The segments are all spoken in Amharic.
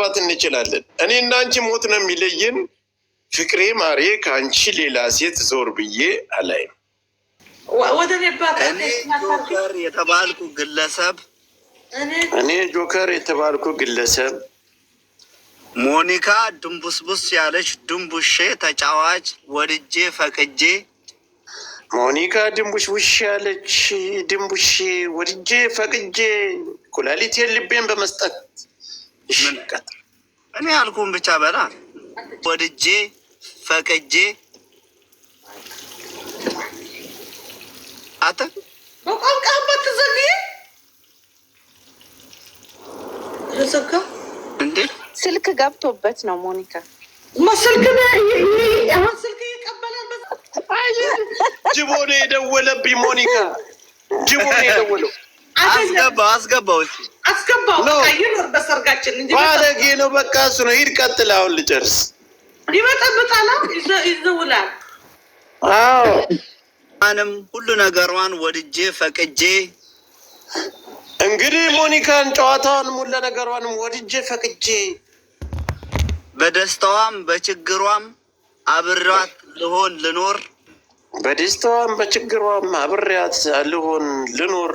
ባት እንችላለን። እኔ እና አንቺ ሞት ነው የሚለየን። ፍቅሬ ማሬ ከአንቺ ሌላ ሴት ዞር ብዬ አላይም። እኔ ጆከር የተባልኩ ግለሰብ እኔ ጆከር የተባልኩ ግለሰብ ሞኒካ ድንቡስቡስ ያለች ድንቡሼ ተጫዋች ወድጄ ፈቅጄ ሞኒካ ድንቡሽቡሽ ያለች ድንቡሼ ወድጄ ፈቅጄ ኩላሊት ልቤን በመስጠት እኔ አልኩም ብቻ በላ ወድጄ ፈቅጄ አተ በቋንቋ ትዘልይ ዘጋ እንዴ ስልክ ገብቶበት ነው ሞኒካ ስልክ ስልክ ጅቦ ነው የደወለብኝ ሞኒካ ጅቦ ነው የደወለው። አስገባው አስገባው ባለጌ ነው። በቃ እሱ ነው። ሂድ ቀጥል። አሁን ልጨርስ። ይበጠብጣል፣ ይዘውላል። አንም ሁሉ ነገሯን ወድጄ ፈቅጄ እንግዲህ ሞኒካን ጨዋታዋን ሙሉ ነገሯንም ወድጄ ፈቅጄ በደስታዋም በችግሯም አብሬያት ልሆን ልኖር በደስታዋም በችግሯም አብሬያት ልሆን ልኖር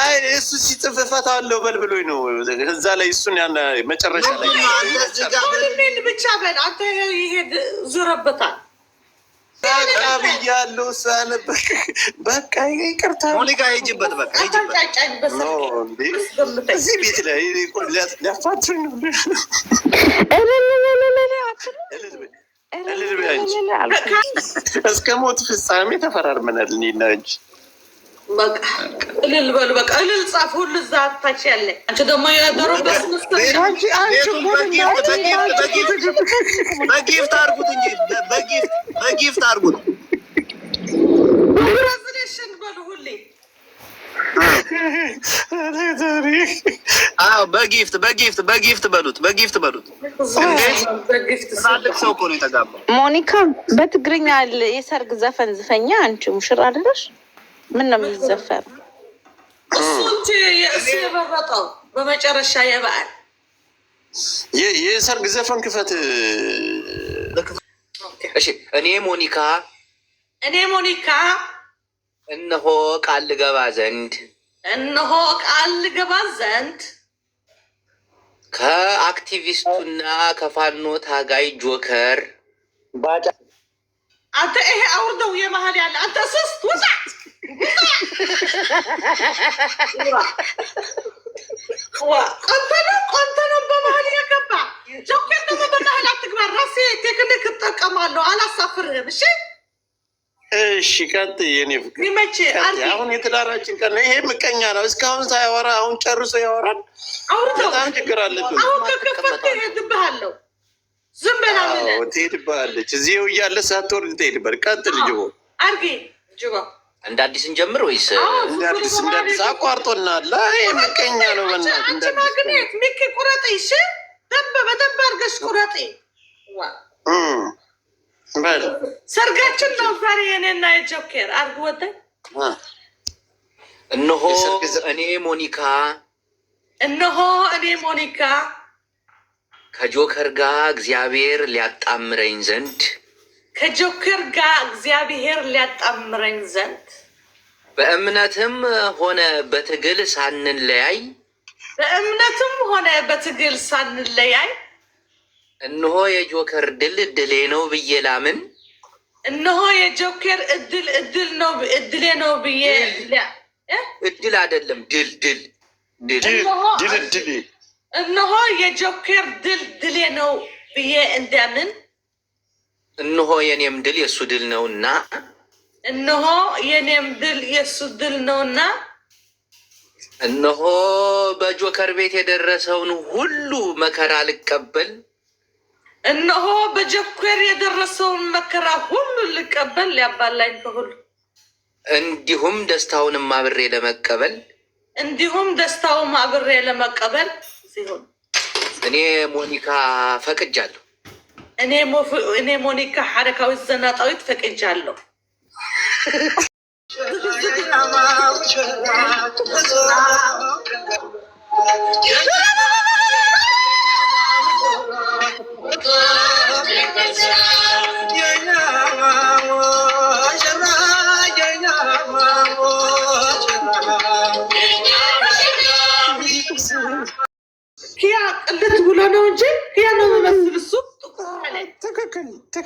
አይ እሱ ሲጽፍ እፈታለሁ በል ብሎኝ ነው። እዛ ላይ እሱን ያን መጨረሻ ላይ ብቻ በል አንተ ይሄድ ዙረበታል በቃ በቃ ቤት ላይ እስከ ሞት ፍጻሜ ተፈራርመናል እኔና እንጂ እልል በሉ በቃ እልል ጻፉ። ሁሉ እዛ ታች ያለ አንቺ ደግሞ በጊፍት አርጉት እንጂ በጊፍት አርጉት። በሉ ሁሌ በጊፍት በጊፍት በጊፍት በሉት በጊፍት በሉት። ትላልቅ ሰው እኮ ነው የተጋባው። ሞኒካ በትግርኛ የሰርግ ዘፈን ዝፈኛ አንቺ ሙሽራ አይደለሽ ምን ነው የሚዘፈር? እሱንት እሱ የመረጠው በመጨረሻ የበዓል የሰርግ ዘፈን ክፈት። እሺ እኔ ሞኒካ እኔ ሞኒካ እነሆ ቃል ልገባ ዘንድ እነሆ ቃል ልገባ ዘንድ ከአክቲቪስቱና ከፋኖ ታጋይ ጆከር አንተ ይሄ አውርደው የመሀል ያለ አንተ ስስት ውጣ ቆንተ ነው በመሀል የገባ ጆኬር ደግሞ በመሀል አትግባ። ራሴ ቴክኒክ እጠቀማለሁ፣ አላሳፍርህም። እሺ እሺ ቀጥይ። የኔ ፍቅር አሁን የትዳራችን ቀን ይሄ ምቀኛ ነው። እስካሁን ሳያወራ አሁን ጨርሶ ያወራል። በጣም ችግር አለብህ። አሁን ከከፈት ሄድብሃለሁ። ዝም በላ ትሄድብሃለች። እዚህ እያለ ሳትወርድ ትሄድበት። ቀጥል ጅቦ አርጌ ጅቦ እንደ አዲስ እንጀምር ወይስ እንደ አዲስ እንደ አዲስ አቋርጦና አለ ምቀኛ ነው። በእናትህ ማግኔት ሚኪ ቁረጤ ሽ ደንብ በደንብ አድርገሽ ቁረጤ። በል ሰርጋችን ነው ዛሬ የኔና የጆኬር አርግ ወደ እነሆ እኔ ሞኒካ እነሆ እኔ ሞኒካ ከጆከር ጋር እግዚአብሔር ሊያጣምረኝ ዘንድ ከጆከር ጋር እግዚአብሔር ሊያጣምረኝ ዘንድ በእምነትም ሆነ በትግል ሳንለያይ በእምነትም ሆነ በትግል ሳንለያይ እነሆ የጆከር ድል ድሌ ነው ብዬ ላምን እነሆ የጆከር እድል እድል ነው እድሌ ነው ብዬ እድል አይደለም ድል ድል ድል እነሆ የጆከር ድል ድሌ ነው ብዬ እንዲያምን እነሆ የኔም ድል የእሱ ድል ነውና እነሆ የኔም ድል የእሱ ድል ነውና እነሆ በጆከር ቤት የደረሰውን ሁሉ መከራ ልቀበል እነሆ በጆከር የደረሰውን መከራ ሁሉ ልቀበል ሊያባላኝ በሁሉ እንዲሁም ደስታውንም አብሬ ለመቀበል እንዲሁም ደስታውም አብሬ ለመቀበል ሲሆን እኔ ሞኒካ ፈቅጃለሁ። እኔ ሞኒካ ሐረካዊት ዘናጣዊት ፈቅጃለሁ።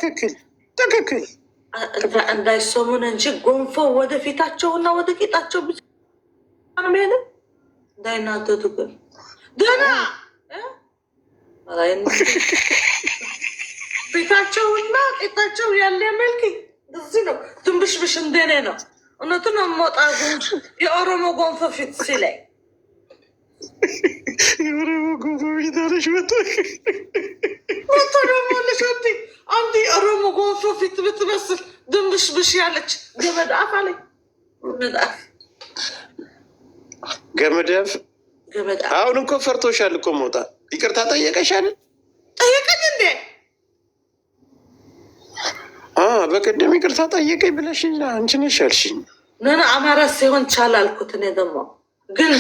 ትክክል ትክክል እንዳይሰሙን እንጂ ጎንፎ ወደ ፊታቸውና ወደ ጌጣቸው ብቻ ሄን እንዳይናተቱ ግን ገና ፊታቸውና ጌጣቸው ያለ መልክ እዚህ ነው። ትንብሽብሽ እንደኔ ነው። እውነቱን ሞጣ ጉንጭ የኦሮሞ ጎንፎ ፊት ሲላይ የኦሮሞ ጎንፎ ፊት አለሽ መጣ አንድ የኦሮሞ ጎንፎ ፊት ብትመስል ድንብሽብሽ ያለች ገመዳፍ አለኝ። ገመዳፍ ገመዳፍ አሁን እኮ ፈርቶሻል እኮ ሞታ ይቅርታ ጠየቀሻል። ጠየቀኝ እንዴ? በቅድም ይቅርታ ጠየቀኝ ብለሽ አንቺ ነሽ ያልሽኝ። ነነ አማራ ሲሆን ቻል አልኩት። እኔ ደግሞ ግን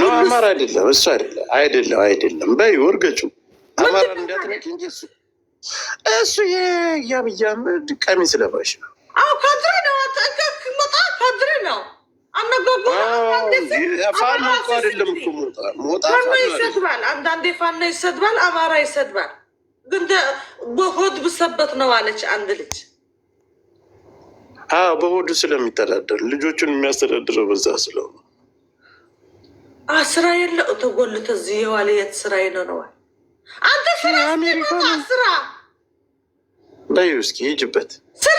ኖ አማራ አይደለም እሱ አይደለም አይደለም አይደለም በይ ወርገጩ አማራ እንዳትነቂ እንጂ እሱ እሱ የአብይ ቀሚስ ለባሽ ነው። ካድሬ ነው። መጣ ካድሬ ነው። ፋኖ እኮ አይደለም አንዳንዴ ፋኖ ይሰድባል፣ አማራ ይሰድባል። ግን በሆድ ብሰበት ነው አለች አንድ ልጅ። አዎ በሆዱ ስለሚተዳደር ልጆቹን የሚያስተዳድረው በዛ ስለሆነ ስራ የለው ተጎልተ እዚህ የዋለ የት ስራ ይኖረዋል? አንተ ስራ ስትመጣ ስራ በይው እስኪ ሂጅበት ስራ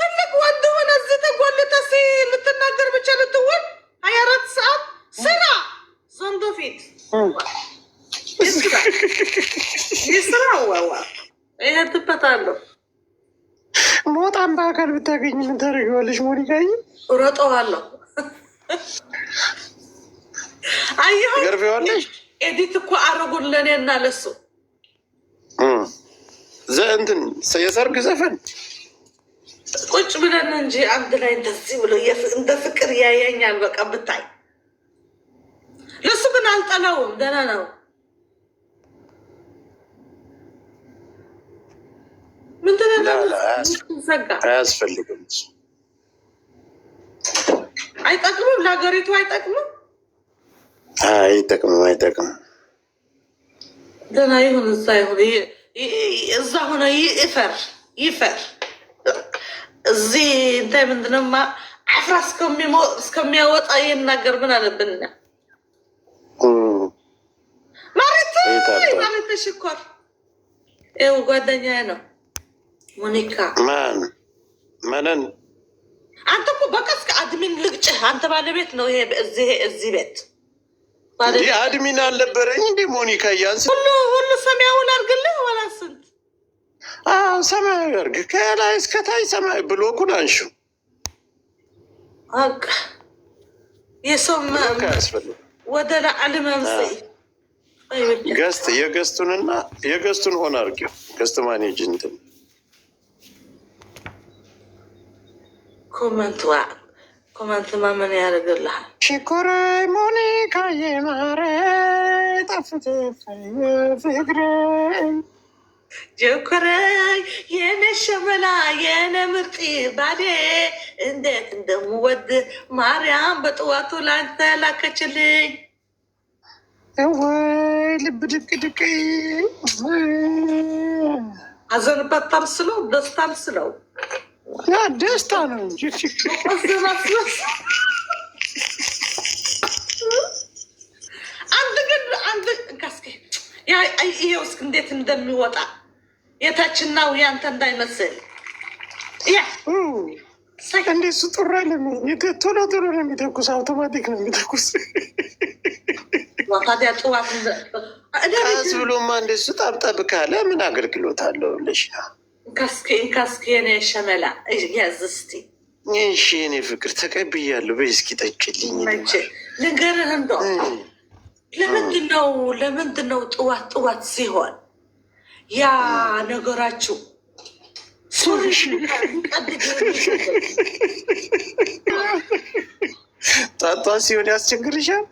ትልቅ ወንድ ሆነ እዚህ ተጎልተህ ልትናገር ብቻ ልትውል ሀያ አራት ሰዓት ስራ ዘንዶ ፊት ይስራ ዋዋ ይሄድበታለሁ ሞጣን በአካል ብታገኝ ምን ታደርጊዋለሽ? ሞኒካዬ ሮጠዋለሁ አየሁ ገርፌዋለሽ ኤዲት እኮ አረጉን ለእኔ እና ለሱ እንትን የሰርግ ዘፈን ቁጭ ብለን እንጂ አንድ ላይ እንደዚህ ብሎ እንደ ፍቅር ያያኛል። በቃ ብታይ ለሱ ግን አልጠላውም፣ ደህና ነው። ምንድን ነው አያስፈልግም፣ አይጠቅምም፣ ለሀገሪቱ አይጠቅምም። አይጠቅምም አይጠቅምም። ደህና ይሁን እዛ እዛ ሆነ ይፈር ይፈር እዚህ እንታይ ምንድነማ አፍራ እስከሚያወጣ ይናገር። ምን አለብን ማለት ማለት ተሽኮር ይኸው ጓደኛ ነው ሞኒካ ማን ማንን አንተ እኮ በቃ አድሚን ልቅጭህ አንተ ባለቤት ነው ይሄ እዚህ ቤት አድሚን አልነበረኝ እንዴ? ሞኒካ እያንስ ሁሉ ሁሉ ሰማያውን አርግልህ አዎ ሰማያዊ አርግ ከላይ እስከታይ ሰማያዊ ብሎኩን አንሹ። የሰው ወደ ለአል መምሰይ ገስት የገስቱንና የገስቱን ሆን አርጊው ገስት እንትን ኮመንት ዋ ኮመንት ማመን ያደርግልሃል። ሽኩር ሞኒካ የማረ ጠፍት ፍቅር ጀኩረ የነ ሸበላ የነ ባዴ እንዴት እንደምወድ ማርያም በጥዋቱ ላንተ ላከችልኝ። ወይ ልብ ድቅ ድቅ አዘንበት ታምስለው ደስታም ስለው ደስታ ነው። አንድ ግን አንድ ይሄው እስኪ እንዴት እንደሚወጣ የታችናው ያንተ እንዳይመስል እንደሱ ጥሩ አይለም። ቶሎ ቶሎ ነው የሚተኩስ፣ አውቶማቲክ ነው የሚተኩስ። ታዲያ ብሎማ እንደሱ ጣብጠብ ካለ ምን አገልግሎት አለው ብለሽ ካስኬን ሸመላ ያዝ እስቲ። እሺ እኔ ፍቅር ተቀብያለሁ። በይ እስኪ ጠጭልኝ። ንገርህ እንደ ለምንድን ነው ለምንድን ነው ጥዋት ጥዋት ሲሆን ያ ነገራችሁ ጧጧ ሲሆን ያስቸግርሻል?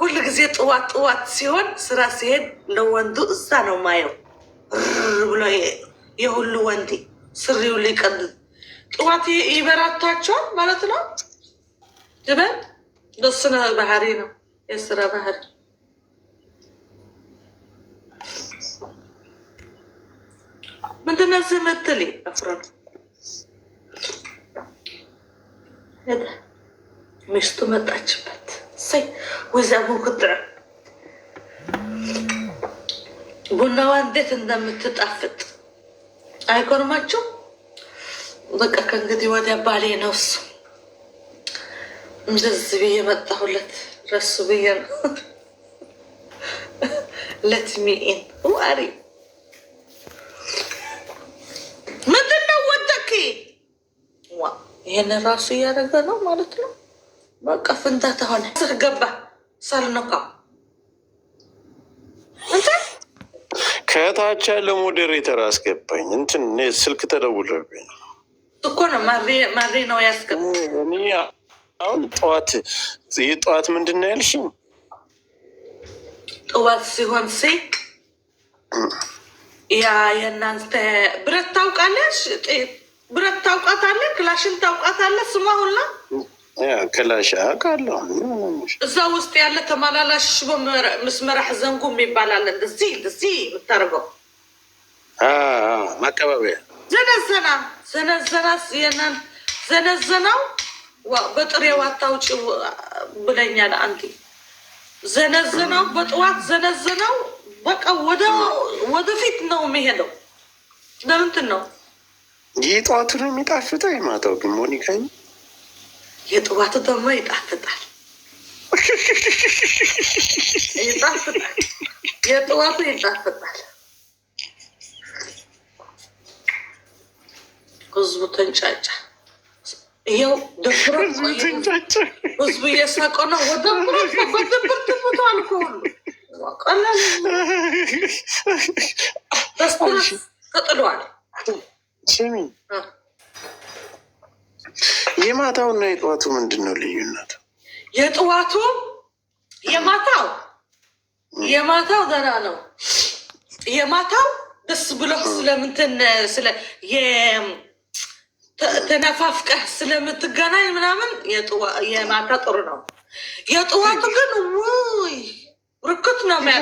ሁል ጊዜ ጥዋት ጥዋት ሲሆን ስራ ሲሄድ እንደ ወንዱ እዛ ነው ማየው ብሎ የሁሉ ወንዴ ስሪው ሊቀል ጥዋት ይበራታቸዋል ማለት ነው። ድበል ደስነ ባህሪ ነው የስራ ባህሪ ምንድነው ዝምትል አፍረ ሚስቱ መጣችበት ሰይ ወዛ ቡክጥዕ ቡናዋ እንዴት እንደምትጣፍጥ አይጎርማችሁ? በቃ ከእንግዲህ ወዲያ ባሌ ነው እሱ። እንደዚህ ብዬ መጣሁለት ረሱ ብዬ ነው ለትሚኢን ዋሪ ምንድነው ወደክ ይህን ራሱ እያደረገ ነው ማለት ነው። በቃ ፍንታ ተሆነ ስር ገባ ሳልነካው ከታች ያለ ሞዴሬተር አስገባኝ። እንትን ስልክ ተደውሎብኝ እኮ ነው ማሬ ማሬ ነው ያስገባኝ። አሁን ጠዋት ይህ ጠዋት ምንድን ነው ያልሽኝ? ጠዋት ሲሆን ሴ ያ የእናንተ ብረት ታውቃለሽ፣ ብረት ታውቃታለህ፣ ክላሽን ታውቃታለህ፣ ስሟ ሁላ ክላሽ አውቃለሁ። እዛ ውስጥ ያለ ተመላላሽ መስመራህ ዘንጉ የሚባል አለ። እንደዚህ እንደዚህ የምታደርገው ማቀባበያ ዘነዘና ዘነዘና የናን ዘነዘናው በጥሬው አታውጭ ብለኛል። አንዴ ዘነዘናው በጠዋት ዘነዘናው በቃ ወደፊት ነው የሚሄደው። ለምንትን ነው ይህ ጠዋቱ ነው የሚጣፍጠው? የማታው ግን ሞኒካኝ የጥዋቱ ደግሞ ይጣፍጣል ይጣፍጣል። የጥዋቱ ይጣፍጣል። ህዝቡ ተንጫጫ። ይኸው ደብረ ህዝቡ እየሳቀ ነው። ወደብረ በድብር ትሙቱ አልኮሉ ቀላል ተጥሏል። እና የጠዋቱ ምንድን ነው ልዩነቱ? የጠዋቱ የማታው የማታው ዘና ነው። የማታው ደስ ብሎ ስለምንትን ስለ ተነፋፍቀህ ስለምትገናኝ ምናምን የማታ ጥሩ ነው። የጠዋቱ ግን ውይ ርክት ነው ሚያ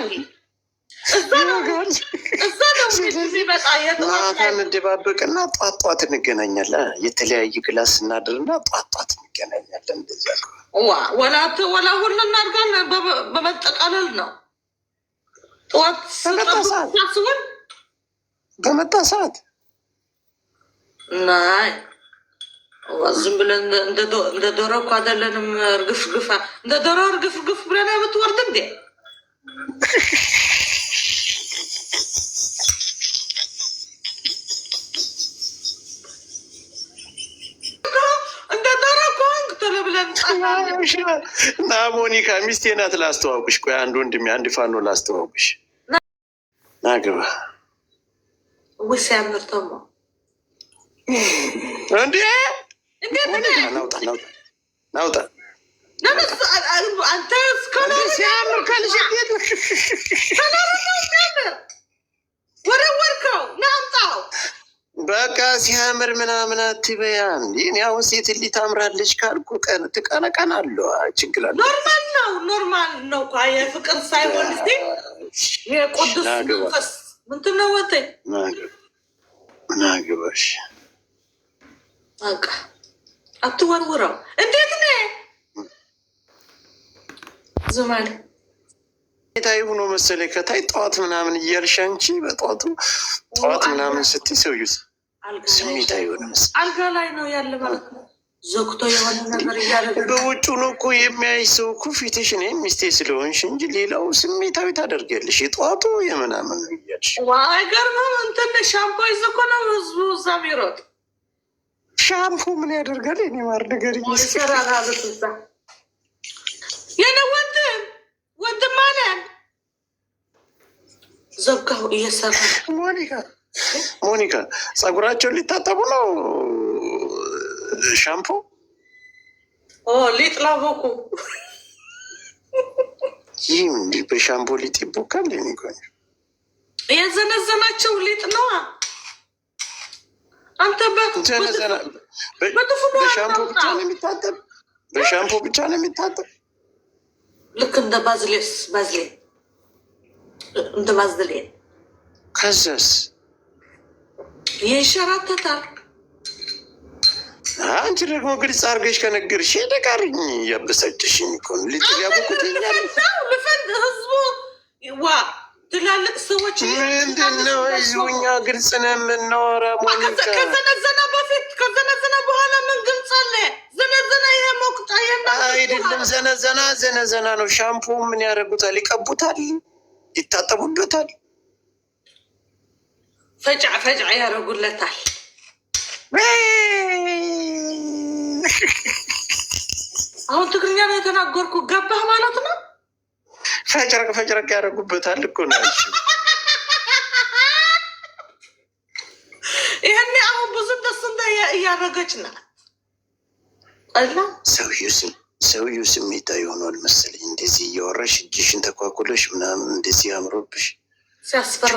እንዲባበቅና ጧት ጧት እንገናኛለን። የተለያየ ክላስ እናድርና ጧት ጧት እንገናኛለን። እንደዚያ ወላተ ወላ ሁሉ እናድጋን በመጠቃለል ነው። ጠዋት በመጣ ሰዓት ናይ ዝም ብለን እንደ ዶሮ እኮ አይደለንም። እርግፍ ግፋ እንደ ዶሮ እርግፍ ግፍ ብለን የምትወርድ እንዴ ላስተዋውቅሽ እና ሞኒካ ሚስቴ ናት። ላስተዋውቅሽ ቆይ አንድ ወንድሜ አንድ ፋኖ ላስተዋውቅሽ ናግባ ውስ ያምርተሞ እንዴ ናውጣ በቃ ሲያምር ምናምን አትበያ። ይህን አሁን ሴት ልጅ ታምራለች ካልኩ ትቀነቀን አለ ችግር አለ። ኖርማል ነው፣ ኖርማል ነው። የፍቅር ሳይሆን የቅዱስ መንፈስ ምንትን ነው ወተ ናግባሽ አትወርውረው። እንዴት ነ ዙማል ታይ ሆኖ መሰለኝ ከታይ ጠዋት ምናምን እያልሽ አንቺ በጠዋቱ ጠዋት ምናምን ስትይ ሰውዬው ስሜት አይሆንም። አልጋ ላይ ነው ያለ ማለት ዘግቶ የሆነ ነገር እያደረገ በውጭ ነው እኮ የሚያይ ሰው እኮ ፊትሽን ሚስቴ ስለሆንሽ እንጂ ሌላው ስሜታዊ ታደርጊያለሽ። የጠዋቱ የምናምን ያልሽ አይገርምም። እንትን ሻምፖ ይዞ እኮ ነው ህዝቡ እዛ የሚሮጥ። ሻምፖ ምን ያደርጋል? የኔ ማር ነገር ይሰራራሉት የነ ወንድም ወንድም አለ ዘጋው እየሰራ Monica, s-a curat ce litat acolo? Șampu? Uh, o, oh, lit la vocu. Ii, de pe șampu lit e bucat de nicoi. E zână zână ce ulit, nu? Am tăbăt. Zână zână. Bă, bă, tu fumă șampu picioane mi tată. Bă, șampu picioane mi tată. Lăcând de bazilis, bazilis. Îmi dă bazilis. Căzăs. Căzăs. ይንሸራተታል። አንቺ ደግሞ ግልጽ አድርገሽ ከነገርሽ ደቃርኝ እያበሳጭሽኝ እኮ ነው። ልጅ ሊያቦቁትኛል ህዝቡ ዋ ትላልቅ ሰዎች ምንድነው? እኛ ግልጽ ነው የምናወራ። ከዘነዘና በፊት ከዘነዘና በኋላ ምን ግልጽ አለ? ዘነዘና ይሄ ሞቅጣ አይደለም። ዘነዘና ዘነዘና ነው። ሻምፑ ምን ያደርጉታል? ይቀቡታል፣ ይታጠቡበታል ፈጫ ፈጫ ያደርጉለታል። አሁን ትግርኛ ላይ የተናገርኩ ገባህ ማለት ነው። ፈጭረቅ ፈጭረቅ ያደርጉበታል እኮ ነው። ይህኔ አሁን ብዙ ደስ እንደ እያደረገች ናት። ሰውዬው ስሜታ የሆኗል መሰለኝ። እንደዚህ እያወራሽ እጅሽን ተኳኩለሽ ምናምን እንደዚህ አምሮብሽ ሲያስፈራ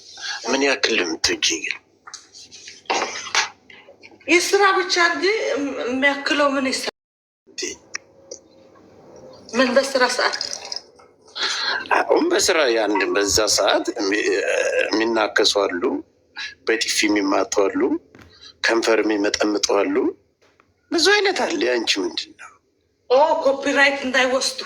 ምን ያክል የምትወጂ የስራ ብቻ እንጂ የሚያክለው ምን ይሰራ ምን በስራ ሰዓት አሁን በስራ ያን በዛ ሰዓት የሚናከሱ አሉ፣ በጢፊ የሚማቱ አሉ፣ ከንፈር የሚመጠምጡ አሉ። ብዙ አይነት አለ። ያንቺ ምንድን ነው ኮፒራይት እንዳይወስዱ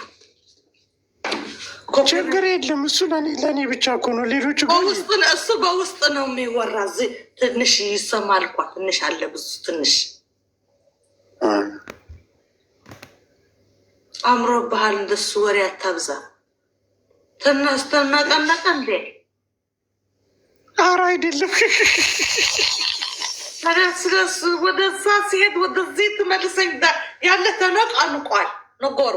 ችግር የለም። እሱ ለእኔ ብቻ እኮ ነው። ሌሎች በውስጥ እሱ በውስጥ ነው የሚወራ። እዚህ ትንሽ ይሰማል እኮ ትንሽ አለ ብዙ ትንሽ አምሮ ባህል እንደሱ ወሬ አታብዛ። ትናስተናቀነቀ እንዴ? ኧረ አይደለም። ወደዛ ሲሄድ ወደዚህ ትመልሰኝ ያለ ተነቃንቋል ነገሩ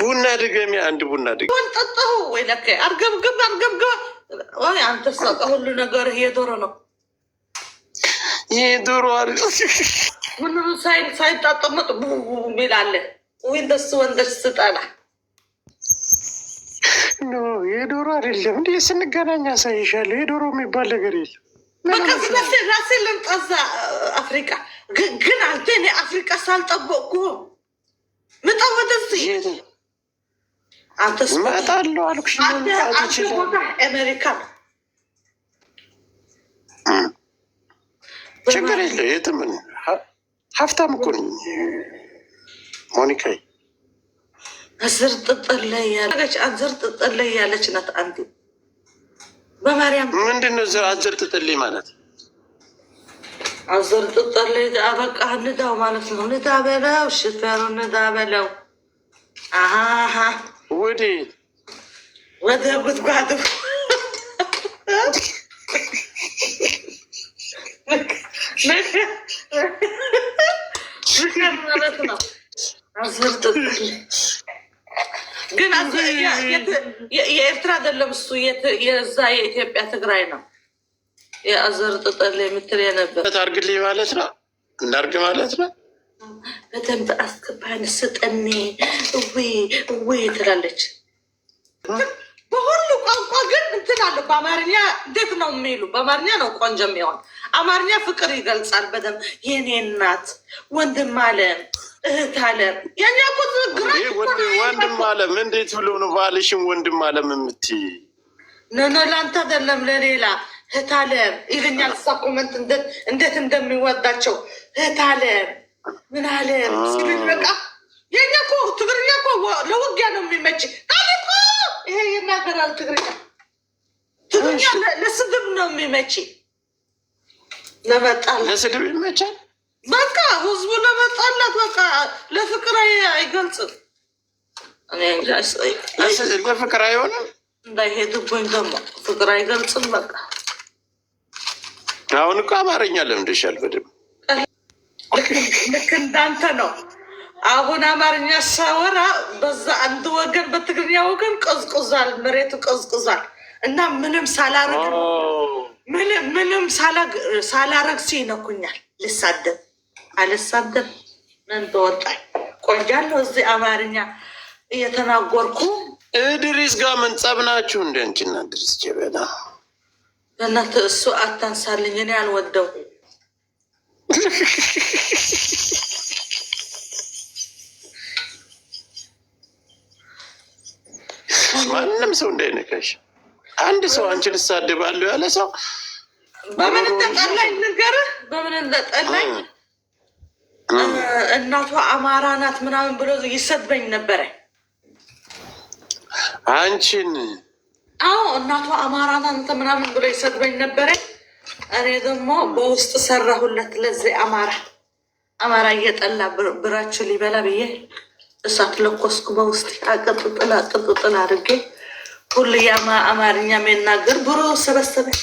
ቡና ድገሚ፣ አንድ ቡና ድገሚ። ጠጣሁ ወይ ለከ አርገብግብ አርገብግብ። ወይ አንተ ሳቀ ሁሉ ነገር የዶሮ ነው የዶሮ አር ሁሉ ሳይጣጠመጥ ሚላለ ወይ ወንደስ ስጠላ ኖ የዶሮ አይደለም እንዲ ስንገናኝ አሳይሻለሁ። የዶሮ የሚባል ነገር የለም። ራሴ ልምጣ እዛ አፍሪካ ግን አንተ እኔ አፍሪካ ሳልጠበቅኩ ምጣ ወደዚህ እመጣለሁ አልኩሽ። አሜሪካ ችግር የትም ሀብታም እኮ ነኝ ላይ ያለች ናት። አንዱ በማርያም ምንድን ነው ማለት አዘር ጥጠር ላይ በቃ ንዳው ማለት ነው። ንዳ በለው ሽፈሩ ንዳ በለው ወዴት ወደ ጉድጓዱ ግን የኤርትራ አይደለም እሱ የዛ የኢትዮጵያ ትግራይ ነው። የአዘር ጥጠል የምትል የነበር አርግልኝ ማለት ነው። እንዳርግ ማለት ነው። በደንብ አስገባን ስጠኔ እዌ እዌ ትላለች። በሁሉ ቋንቋ ግን እንትን አለ። በአማርኛ እንዴት ነው የሚሉ? በአማርኛ ነው ቆንጆ የሚሆን። አማርኛ ፍቅር ይገልጻል በደንብ የኔ እናት፣ ወንድም አለ፣ እህት አለ። የኛ ወንድም አለም እንዴት ብሎ ነው ባልሽም ወንድም አለም የምትይ? ነነ ለአንተ አይደለም ለሌላ እህታለም ይለኛል። እዛ ኮመንት እንዴት እንደሚወዳቸው እህታለም ምን አለም ሲሉኝ፣ በቃ የኛ እኮ ትግርኛ እኮ ለውጊያ ነው የሚመች ቃል ይሄ ይናገራል። ትግርኛ ትግርኛ ለስድብ ነው የሚመች ለመጣል ለስድብ ይመቻል። በቃ ህዝቡ ለመጣላት በቃ ለፍቅር አይገልጽም። ለፍቅር አይሆንም። እንዳይሄድብኝ ደግሞ ፍቅር አይገልጽም። በቃ አሁን እኮ አማርኛ ለምደሻል በደምብ። ልክ እንዳንተ ነው። አሁን አማርኛ ሳወራ በዛ አንድ ወገን በትግርኛ ወገን ቀዝቁዟል፣ መሬቱ ቀዝቁዟል። እና ምንም ሳላረግ ምንም ሳላረግ ሲ ይነኩኛል። ልሳደብ አልሳደብ ምን በወጣኝ ቆንጃለሁ። እዚህ አማርኛ እየተናጎርኩ እድሪስ ጋር ምን ጸብ ናችሁ? እንደ አንቺና እድሪስ ጀበና እናንተ እሱ አታንሳልኝ፣ እኔ አልወደው ማንም ሰው እንዳይነካሽ። አንድ ሰው አንቺ እሳድባለሁ ያለ ሰው በምን እንደጠላኝ ንገርህ፣ በምን እንደጠላኝ እናቷ አማራ ናት ምናምን ብሎ ይሰድበኝ ነበረ አንቺን አዎ እናቷ አማራ ናንተ ምናምን ብሎ ይሰድበኝ ነበረ። እኔ ደግሞ በውስጥ ሰራሁለት ለዚህ አማራ አማራ እየጠላ ብራችሁ ሊበላ ብዬ እሳት ለኮስኩ። በውስጥ አቅጥጥል አቅጥጥል አድርጌ ሁሉ የአማርኛ የሚናገር ብሮ ሰበሰበኝ።